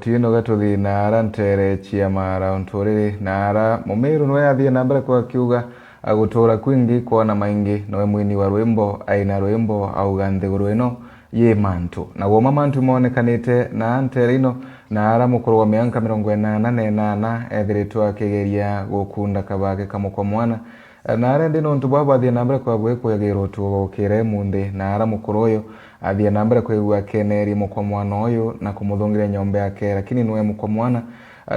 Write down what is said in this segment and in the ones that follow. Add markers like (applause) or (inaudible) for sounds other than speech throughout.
Otieno gatũthi nara ntere chiamara ontũrĩrĩ nara mũmĩru nowe athiĩ na mbere kwa kiuga agũtũra kwingi kwona maingi nowe mwini wa rwimbo aina rwimbo auga nthiguru ino ye y'emantu nawo mamantu monekanite na nterino na ara mukuru wa mianka mirongo enana na enana ethiritwe akigeria gukunda kabage kamukwa mwana na ara ndi nuntu bwabo athie na mbere kwabwe kwegirwo tuokire munthi na ara mukuru uyu athie na mbere kwigua keneri mukwa mwana uyu na kumuthungira nyombe yake lakini niwe mukwa mwana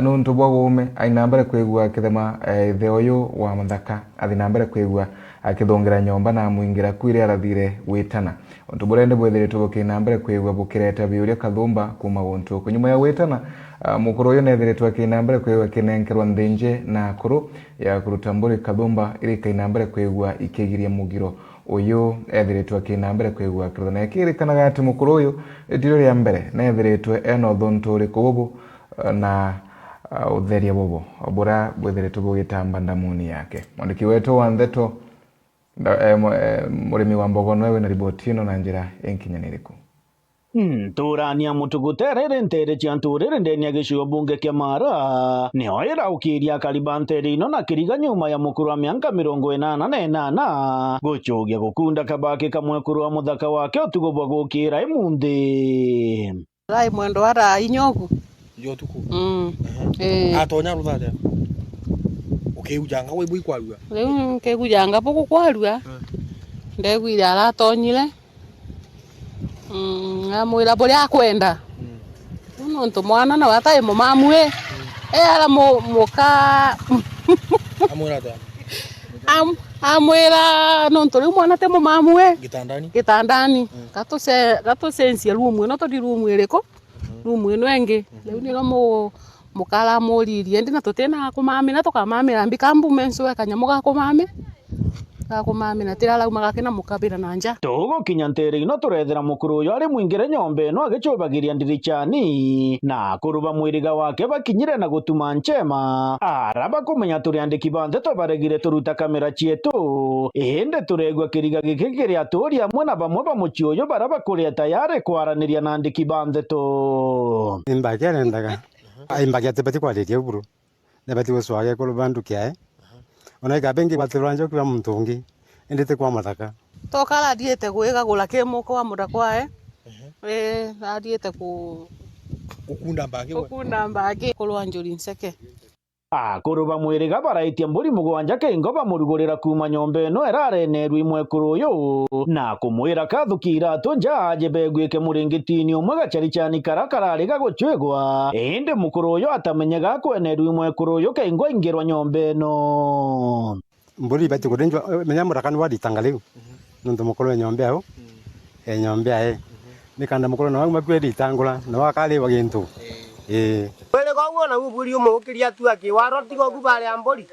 nuntu bwa guume aina mbere kwigua kithema ithe eh, uyu wa muthaka athi na kwigua akithongera nyomba na muingira kwire arathire witana untu buria ndibwitheritwe bukina mbere kwigua bukireta biuria kathumba kuma guntuku nyuma ya witana uh, ah, mukuru uyu neethiritwe akina mbere kwigua kinenkerwa nthinji na kuru ya kuruta mburi kathumba iri kaina mbere kwigua ikigiria mugiro uyu ethiritwe akina mbere kwigua kirutha na ikirikanaga ati mukuru uyu itirio ria mbere neethiritwe ena uthuntu uriku bubu ah, na ah, utheria bubu buria bwitheritwe bugitamba ndamuni yake mwandiki wetu wa ntheto må rä mi wa mbogo nowe na riboti ä no na njä ra ä nkinya nä rä ku ntå rania må tå gå tere rä ntä rä cia ntå rä rä ndenia gä cigo mbunge kä mara nä o ä raukä ria karibantä rä ino na kä riga nyå ma ya må kå rå wa mä anga mä rongo ä nana na ä nana gå cå gia gå kunda kambakä kamwe kå rå wa må thaka wake å tugå bwa gå kä ra ä munthä rai mwendo araa inya å gu njå tukå mm. eh. atonya rå thaa ukijanga wibu ikwarua riu nkigujanga buku kwarua eh. ndegwire aratonyire mm, amwira buria akwenda hmm. u nontu mwana nawe atai mumamu i hmm. muka (laughs) amwira nontu riu mwana ti mumamu gitandani gatucensie hmm. rumu ino tundi rumu iriku rumu ino ingi riu niro mukala muririe ndina tutina kumami na tukamamira mbika mbume nsue kanyamuga kumami gakumamina tirarauma gakina mukabira na nja tugukinya ntiri no turethera mukuru uyu ari mwingire nyombe no agicubagiria ndiricani na kuruba mwiriga wake bakinyire na gutuma nchema araba kumenya turi andiki banthe twabaregire turuta kamera cietu indi turegwa kiriga giki kiria aturi amwe na bamwe ba bamuci uyu baraba kuria tayari kwaraniria na andiki banthe tu imbakerendaga aimbagia tibati kwariria iguru nibati gucwaga iguru bandu kiae ona ikabengi gwatirwa njoki wa muntu ungi indi ti kwa muthaka tokarariite gwikagura kimuko wa mura kwae rariite eh, gukunda mbagi kurwa njuri nceke akũrũba ah, mwĩrĩga baraitie mbũri mũgwanja kĩingo bamũrugũrĩra kuma nyomba ĩno ĩrarenerwo imwekũrũ ũyũ na kũmwĩra kathuki iratũ njaje begwĩke mũrĩngĩtini ũmwe gacarichani kara kararĩ gagũchwĩgwa ĩndĩ mũkũrũ ũyũ atamenyaga akwenerwo imwekũrũ ũyũ kĩingo aingĩrwa nyomba ĩno mbũri ibati kũrĩnjwa eh, menya mũrakani waritanga rĩu nontu mũkũrũ mm-hmm. enyombe aũ mm-hmm. enyombe eh, aĩ nĩkanda mm-hmm. mũkũrũ nawauma kwĩritangũra nawakarĩwa gĩntũ ĩĩ eh wona guburi umwe gukiria tu akiwaro tigo gubaria mburi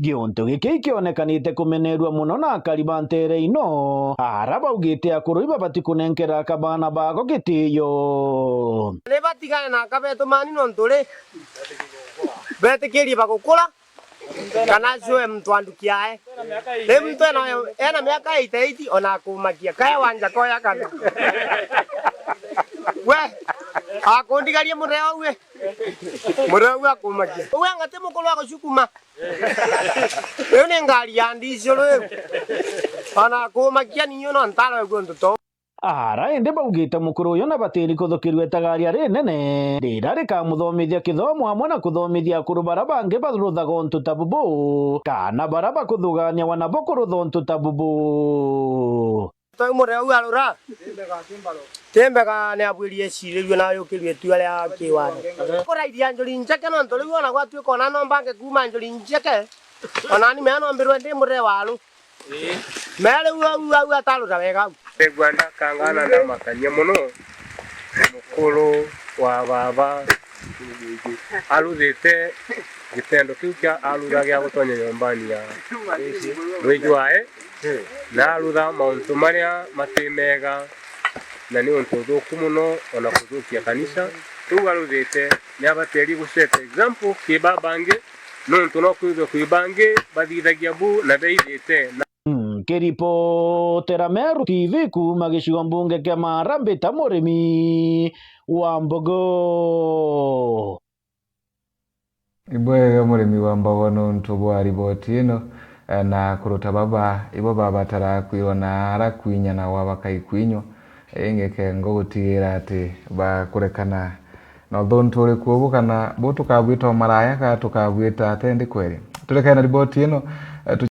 giontu giki ikionekanite kumenerua muno na akari ba ntere ino ara baugite akuru ibabati kunenkera akabana bako gitiyo ni batigane na akabetu mani nontu ri betikirie bagukura kana cue mtu andukiae le mtu ena miaka iti ona akumakia kaya wanja koya kana we akundikarie ah, murea uwe murea uwe akumakia uwe ngate mukuru agucukuma iyo ni ngari ya ndicio riu ona akumakia ninyo no ntara guo nduto ara indi baugite mukuru uyu na batiri kuthukirwo etagaria ri nene rira rikamuthomithia kithomo hamwe na kuthomithia akuru bara bangi baruthaga untu ta bubu kana bara bakuthugania wanabo kurutha untu ta bubu mureuarura timbega niabwirie eciririo na a itua ria kiwatho kuraithia njuri njeke nontu riu ona gwatuika ona no mbange kuma njuri njeke onani mea nombirwe ndi re waru mea riu au au atarura wega au ndigua ndakangana na makania muno mukuru wa baba aruthite gitendo kiu kia arura gia gutonya nyombani ya rwiji wae na narutha mauntu maria mega na ni untu thuku muno ona kuthukia kanisa riu aruthite ni abatiarie guceta example ki babangi nontu no kwithwa kwi bangi bathithagia bu na beithite hmm, kiripotera Meru TV kuma gicigo mbunge kia Marambĩ ta murimi wa mbogo ibwega murimi wa mbogo nontu bwa riboti ino na kuruta baba ibo baabatarakwirona harakwinyana wa bakaikwinywa engeke ngogutigĩra atĩ bakũrekana na ũthũ nĩtũrĩ kuo ũguo kana bũ tũkabwĩta ũmaraya ka tũkabwĩta atĩ ndĩ kweri tũrekane na riboti ĩno eh,